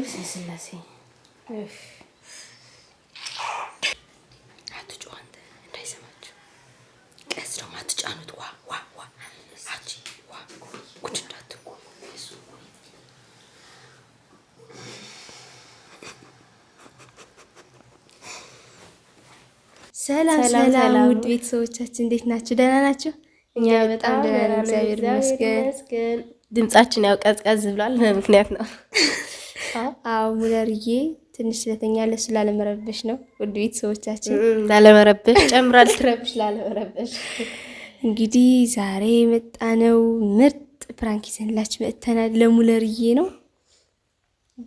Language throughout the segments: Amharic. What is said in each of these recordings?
በብስ ስላሴ አትጮ አንተ እንዳይሰማችሁ ቀስ ደግሞ አትጫኑት። ዋ ዋ ዋ አቺ ዋ ጉድ እንዳትቆ ሰላም ሰላም፣ ውድ ቤተሰቦቻችን እንዴት ናችሁ? ደህና ናችሁ? እኛ በጣም ደህና ነን፣ እግዚአብሔር ይመስገን። ድምጻችን ያው ቀዝቀዝ ብሏል፣ ምክንያት ነው አዎ ሙለርዬ ትንሽ ስለተኛ ለሱ ላለመረበሽ ነው። ውድ ቤተሰቦቻችን ላለመረበሽ ጨምራል ትረብሽ ላለመረበሽ። እንግዲህ ዛሬ የመጣ ነው ምርጥ ፕራንክ ይዘንላችሁ መጥተናል። ለሙለርዬ ነው።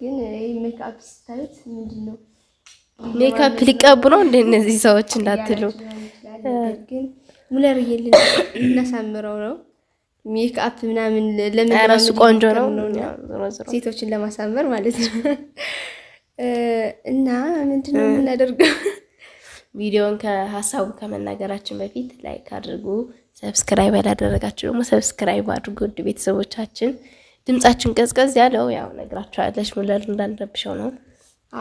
ግን ይህ ሜካፕ ስታዩት ምንድን ነው? ሜካፕ ሊቀቡ ነው እንደ እነዚህ ሰዎች እንዳትሉ፣ ግን ሙለርዬ ልናሳምረው ነው ሜክአፕ ምናምን ለምን ቆንጆ ነው፣ ሴቶችን ለማሳመር ማለት ነው። እና ምንድነው የምናደርገው? ቪዲዮን ከሀሳቡ ከመናገራችን በፊት ላይክ አድርጉ። ሰብስክራይብ ያላደረጋችሁ ደግሞ ሰብስክራይብ አድርጉ። ውድ ቤተሰቦቻችን ድምጻችን ቀዝቀዝ ያለው ያው ነግራችኋለች፣ ሙለር እንዳንረብሸው ነው።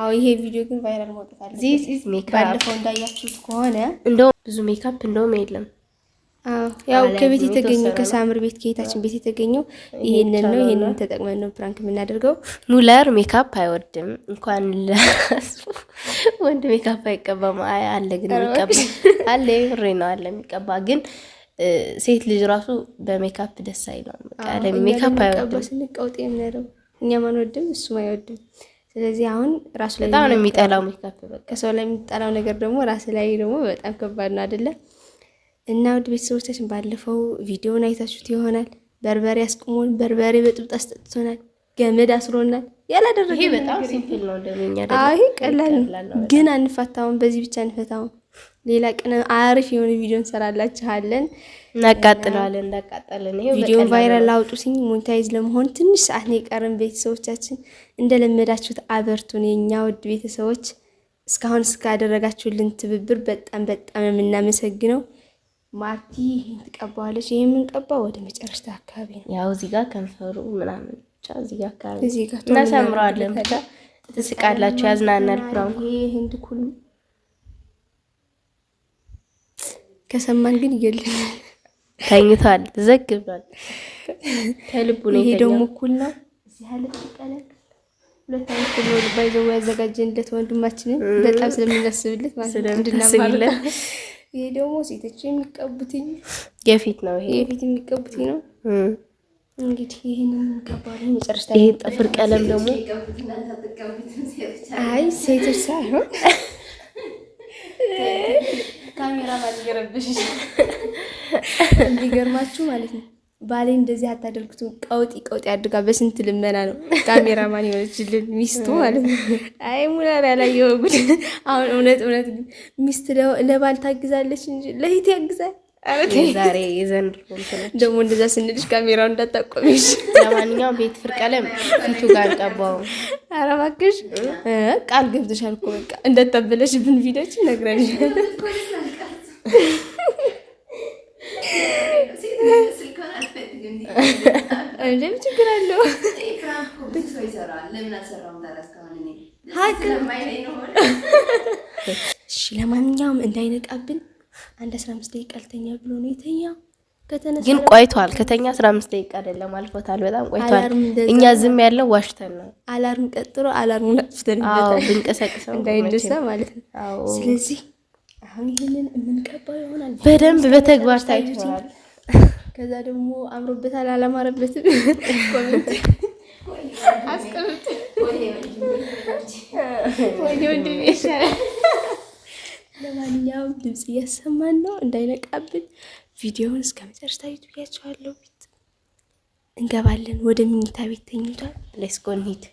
አዎ ይሄ ቪዲዮ ግን ቫይራል መውጣት አለ። ባለፈው እንዳያችሁት ከሆነ እንደውም ብዙ ሜካፕ እንደውም የለም ያው ከቤት የተገኘው ከሳምር ቤት ከየታችን ቤት የተገኘው ይሄንን ነው። ይሄንን ተጠቅመን ነው ፕራንክ የምናደርገው። ሙለር ሜካፕ አይወድም። እንኳን ወንድ ሜካፕ አይቀባም። አይ አለ ግን የሚቀባ አለ፣ ሬ ነው አለ የሚቀባ ግን ሴት ልጅ ራሱ በሜካፕ ደስ አይለውም። በቃ ሜካፕ አይወድም። ስንቀውጥ የምንለው እኛም አንወድም፣ እሱም አይወድም። ስለዚህ አሁን ራሱ ላይ በጣም ነው የሚጠላው ሜካፕ። በቃ ሰው ላይ የሚጠላው ነገር ደግሞ ራስ ላይ ደግሞ በጣም ከባድ ነው አይደለም እና ውድ ቤተሰቦቻችን ባለፈው ቪዲዮን አይታችሁት ይሆናል። በርበሬ አስቁሞን፣ በርበሬ በጥብጥ አስጠጥቶናል፣ ገመድ አስሮናል። ያላደረገ ይሄ ነው። ቀላል ግን አንፈታውም፣ በዚህ ብቻ አንፈታውም። ሌላ ቀን አሪፍ የሆነ ቪዲዮ እንሰራላችኋለን፣ እናቃጥለዋለን። እናቃጠለን። ይሄ ቪዲዮን ቫይራል አውጡትኝ። ሞኒታይዝ ለመሆን ትንሽ ሰዓት ነው የቀረን። ቤተሰቦቻችን እንደለመዳችሁት አበርቱን፣ የእኛ ውድ ቤተሰቦች። እስካሁን እስካደረጋችሁልን ትብብር በጣም በጣም የምናመሰግነው ማርቲ ይህን ትቀባዋለች። ይህ የምንቀባ ወደ መጨረሻ አካባቢ ነው። ያው እዚህ ጋር ከንፈሩ ምናምን ብቻ እዚህ ጋር አካባቢ እናሰምረዋለን። ብቻ ትስቃላችሁ፣ ያዝናናል። ፍራም ይህ ህንድ ኩል ከሰማን ግን ይገልናል። ተኝቷል፣ ዘግ ብሏል። ከልቡ ነው። ይሄ ደግሞ እኩል ነው። እዚህ ያለ ቀለም ሁለት አይነት ኩል ነው። ባይዘው ያዘጋጀንለት ወንድማችንን በጣም ስለምናስብለት ማለት ነው እንድናማለት ይሄ ደግሞ ሴቶች የሚቀቡትኝ የፊት ነው። ይሄ የፊት የሚቀቡትኝ ነው። እንግዲህ ይሄንን እንቀባለን። መጨረሻ ይሄ ጥፍር ቀለም ደግሞ አይ ሴቶች ሳይሆን ካሜራ ማዝገረብሽ እንዲገርማችሁ ማለት ነው። ባሌ እንደዚህ አታደርጉት፣ ቀውጢ ቀውጢ አድጋ በስንት ልመና ነው ካሜራማን የሆነችልን ሚስቱ ማለት ነው። አይ ሙላር ያላየው ጉድ። አሁን እውነት እውነት ሚስት ለባል ታግዛለች እንጂ ለሂት ያግዛል። ዛሬ የዘንድሮ ደግሞ እንደዛ ስንልሽ ካሜራው እንዳታቆሚሽ። ለማንኛውም ቤት ፍር ቀለም ፊቱ ጋር ቀባው። ኧረ እባክሽ ቃል ገብተሻል እኮ በቃ እንዳታበለሽ ብን ቪዲዮችን ነግረንሻል። ለምን ችግር አለው? እሺ ለማንኛውም እንዳይነቃብን አንድ አስራ አምስት ደቂቃ ልተኛ ብሎ ነው የተኛ። ግን ቆይቷል። ከተኛ አስራ አምስት ደቂቃ አይደለም አልፎታል፣ በጣም ቆይቷል። እኛ ዝም ያለው ዋሽተን ነው። አላርም ቀጥሮ አላርም ለፍተን ብንቀሰቅሰው እንዳይነሳ ማለት ነው። ስለዚህ አሁን ይህንን የምንቀባው ይሆናል። በደንብ በተግባር ታይቷል። ከዛ ደግሞ አምሮበታል አላማረበትም ኮሜንት አስቀምጥ። ወይ ወንድም ይሻላል። ለማንኛውም ድምፅ እያሰማን ነው እንዳይነቃብን። ቪዲዮውን እስከ መጨረሻ ታዩት ብያቸዋለሁ። ቤት እንገባለን። ወደ ምኝታ ቤት ተኝቷል። ሌትስ ጎ እንሂድ።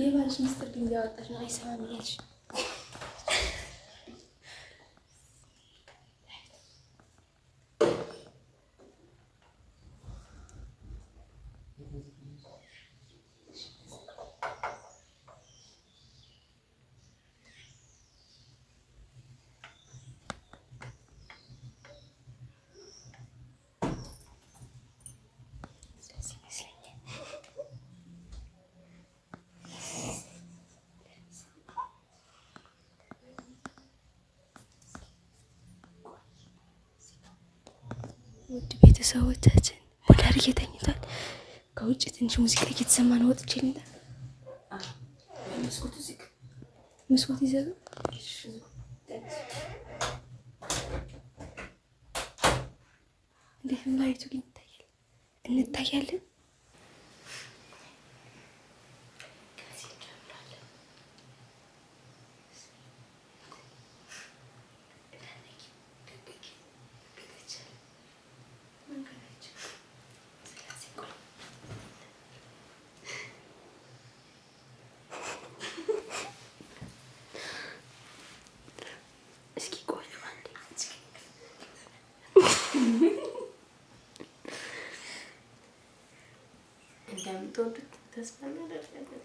የባልሽ ምስጢር ድንጋይ አወጣሽ ነው አይሰማም እያልሽ ውድ ቤተሰቦቻችን ሞላር እየተኝቷል። ከውጭ ትንሽ ሙዚቃ እየተሰማ ነው። ወጥቼ ልንዳ መስኮት ይዘጋ እንዴት ላይቱ ግን ይታያል እንታያለን እንደምትወዱት ተስፋ እናደርጋለን።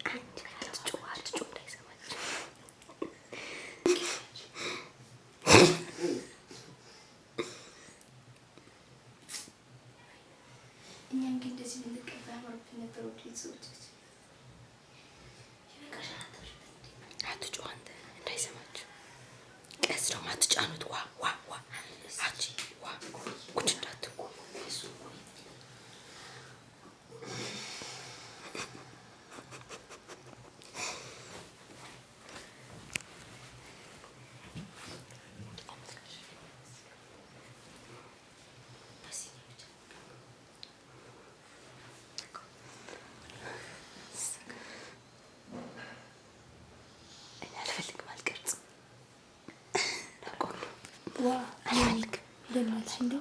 Şimdi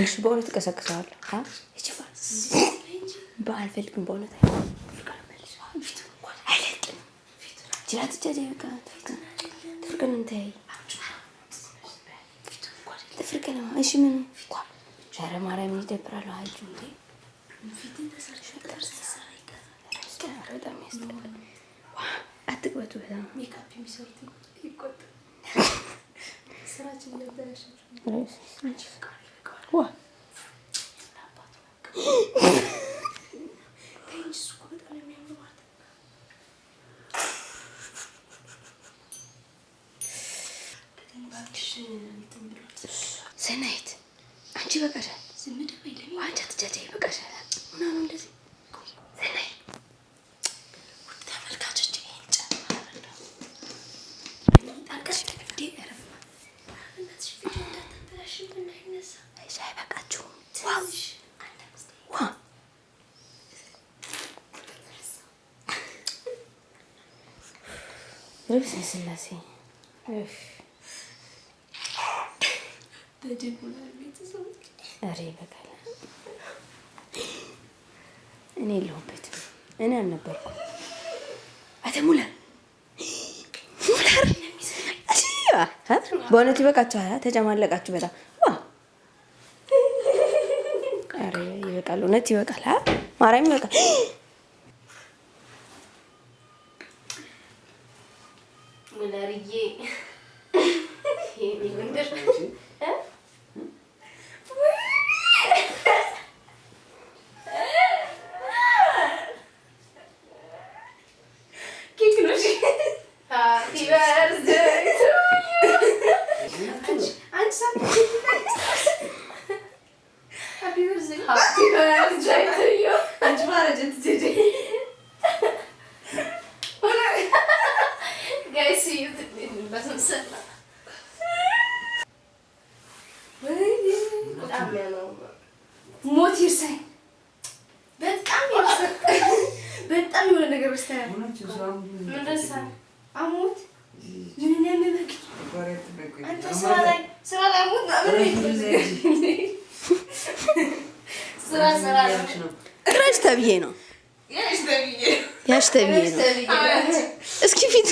እሺ፣ በእውነት እቀሰቅሰዋለሁ። አልፈልግም። በእውነት አይለቅም። እሺ፣ ምን ኧረ ማርያምን ይደብራል። አትቅበቱ በጣም ስራችን ሰናይት አንቺ በቃሻል። ዝም ደበይ ለሚ አንቺ አትጃጃይ በቃሻል። ስላሴ ኧረ ይበቃል። እኔ የለሁበትም። እኔ አልነበርኩም። አቶ ሙላር በእውነቱ ይበቃችኋል። ተጨማለቃችሁ በጣም ይበቃል። እውነት ይበቃል። ማርያም ይበቃል። ቅረጅ ተብዬ ነው ያሽ ተብዬ ነው። እስኪ ፊት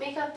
ሜካፕ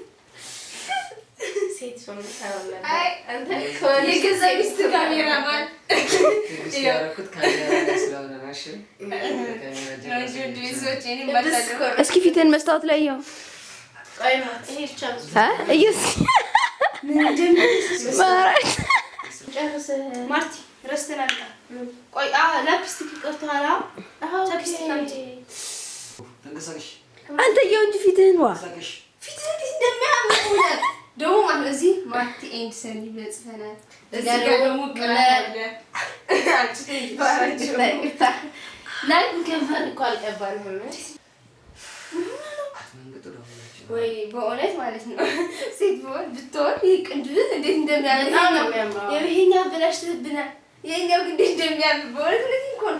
ሴት ሰው የገዛ ሚስት ካሜራማን እስኪ ፊትን መስታወት ላይ ያው ማርቲ ረስተናል። ቆይ ላፕስቲክ ይቀርተኋላ አንተ ያው እንጂ ፊትህን ዋ ፊትህን እንደሚያምር ደግሞ ማለት እዚህ ማርቲ ኤንድ ሰኒ በእውነት ማለት ነው። ሴት ብሆን ብትሆን ይህ ቅንድብህ እንዴት እንደሚያምር ይሄኛ ብላሽትብናል። ይሄኛው ግን እንዴት እንደሚያምር በእውነት ነው።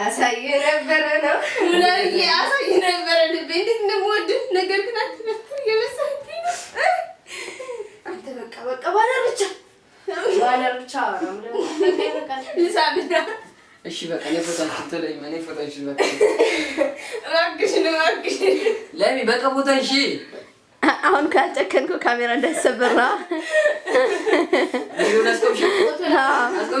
አሳየ ነበረ ነው ሙላዬ አሳየ ነበረ ልቤ እንዴት እንደምወድ ነገር ግን አንተ በቃ በቃ ባለ ብቻ ባለ ብቻ እሺ በቃ ለፎታችን ተለይ ማን ፎታችን በቃ እባክሽ ነው እባክሽ ለሚ በቃ ፎታሽ አሁን ካልጨከንኩ ካሜራ እንዳይሰበር ነው። አዎ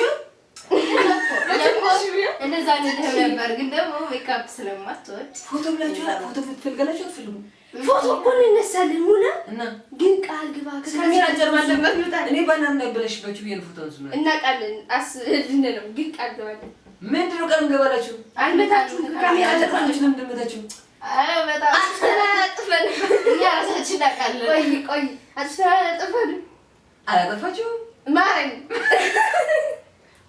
እንደዛ ንድህም ነበር፣ ግን ደግሞ ሜካፕ ስለማትወድ ፎቶ ብላችሁ ፎቶ ትፈልጋላችሁ። አትፈልጉ ፎቶ እኮ እንነሳለን። ሙላ ግን ቃል ግባ ከካሜራ ጀርባ አለበት ይወጣል። እኔ ባናም ነበረሽባችሁ ይሄን ፎቶ አንሱ እና ቃል አስ ነው። ግን ቃል ገባለን። ምንድን ነው ቃል ገባላችሁ? አልመታችሁ ከካሜራ ጀርባ ነው እንደመታችሁ አጥፈን እኛ ራሳችን እናውቃለን። ቆይ ቆይ አጥፈን አላጠፋችሁም ማረኝ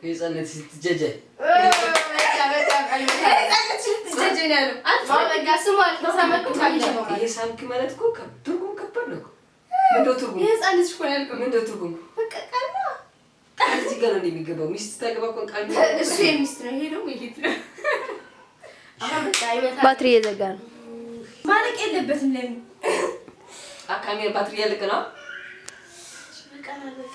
ሳምክ ማለት እኮ ትርጉም ከባድ ነው። ምንድን ትርጉም ምንድን ትርጉም እዚህ ጋር ነው የሚገባው። ሚስት ታገባ እኮ ቃል እሱ የሚስት ነው። ይሄ ደግሞ ይሄት ነው። ባትሪ እየዘጋ ነው። ማለቅ የለበትም ለምን? ካሜራ ባትሪ ያልቅ ነው። በቃ በቃ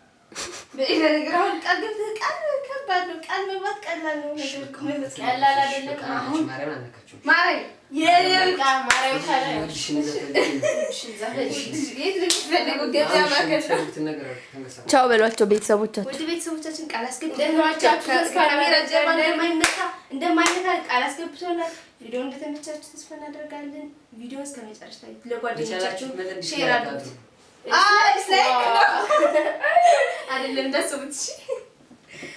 ቻው በሏቸው ቀልብ ከባድ ቤተሰቦቻችን ቃል መግባት ቀላል ነው። ቀላል አይደለም። አሁን ቻው ቃል አስገብቶናል። ቪዲዮ እንደተመቻችሁ ተስፋ እናደርጋለን። ቪዲዮ እስከመጨረሻ ለጓደኞቻችሁ ሼር አድርጉት። አይደለም